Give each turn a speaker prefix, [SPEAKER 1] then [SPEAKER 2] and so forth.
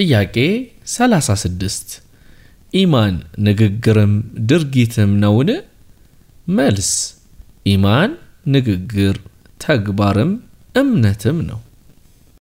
[SPEAKER 1] ጥያቄ 36 ኢማን ንግግርም ድርጊትም ነውን? መልስ ኢማን ንግግር፣ ተግባርም እምነትም ነው።